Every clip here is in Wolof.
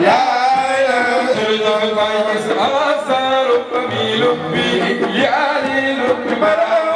يا لي لبي برا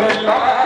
لله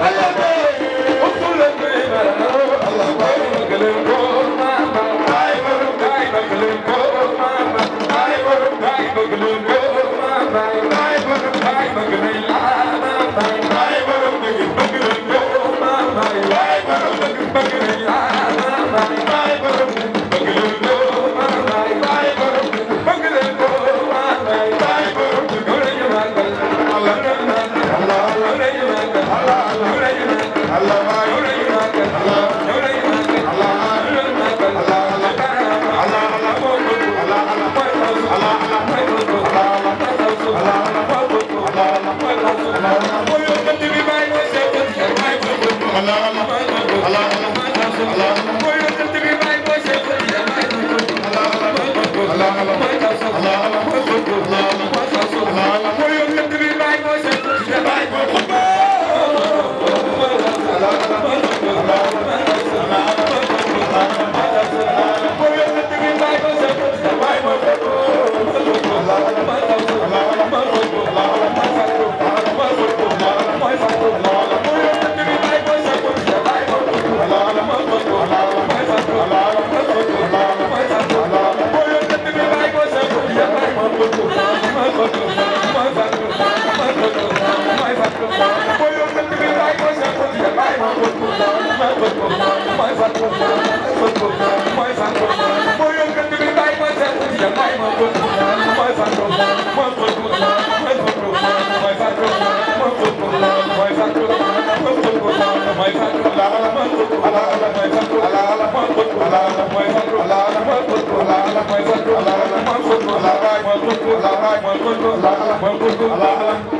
Allah Bye. la la la la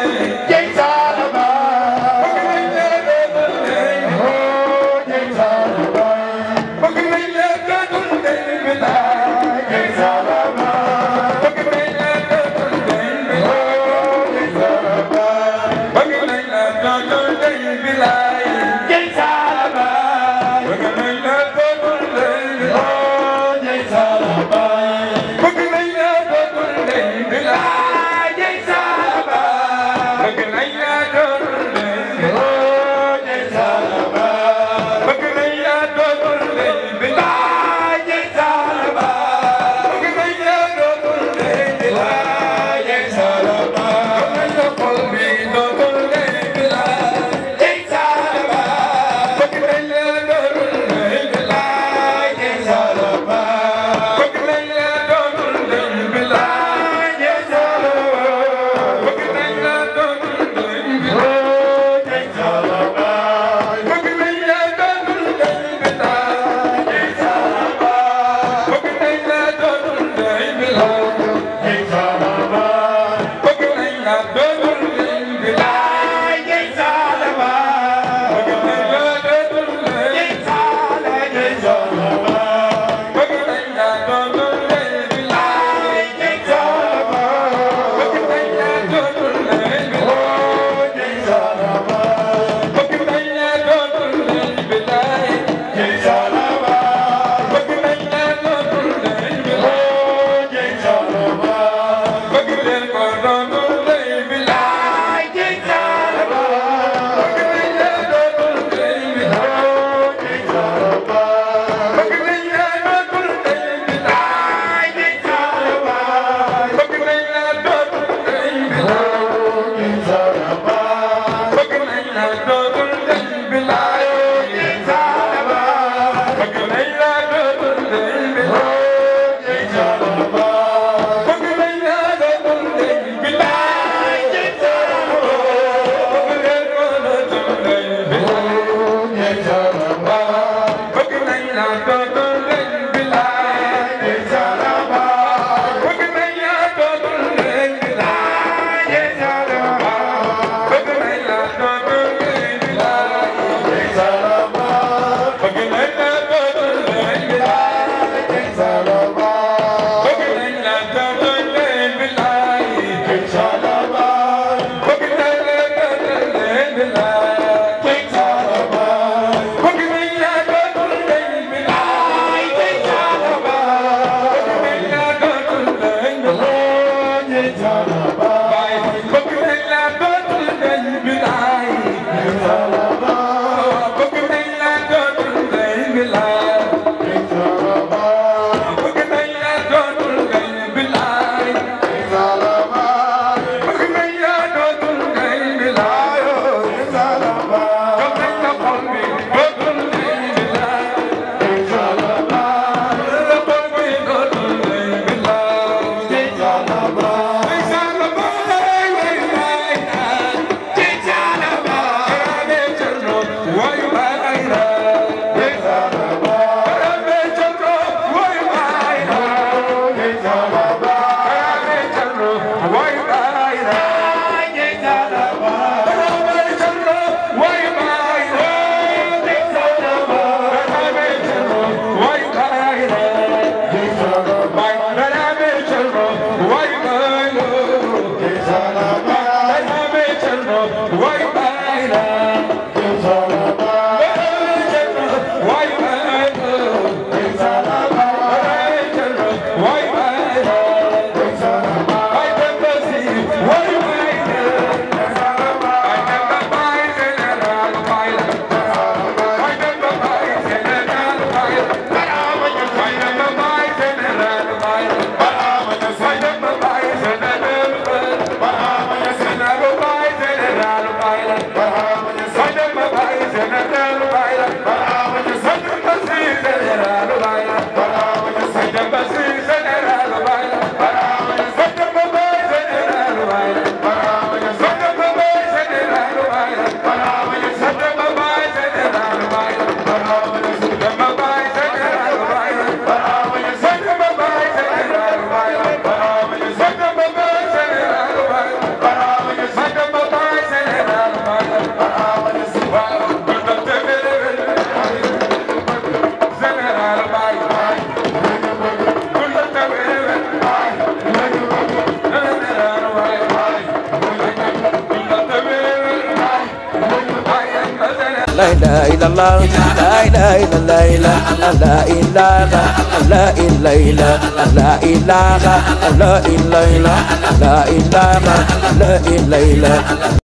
ilaha illallah la ilaha illallah la ilaha la ilaha la ilaha la ilaha la ilaha la ilaha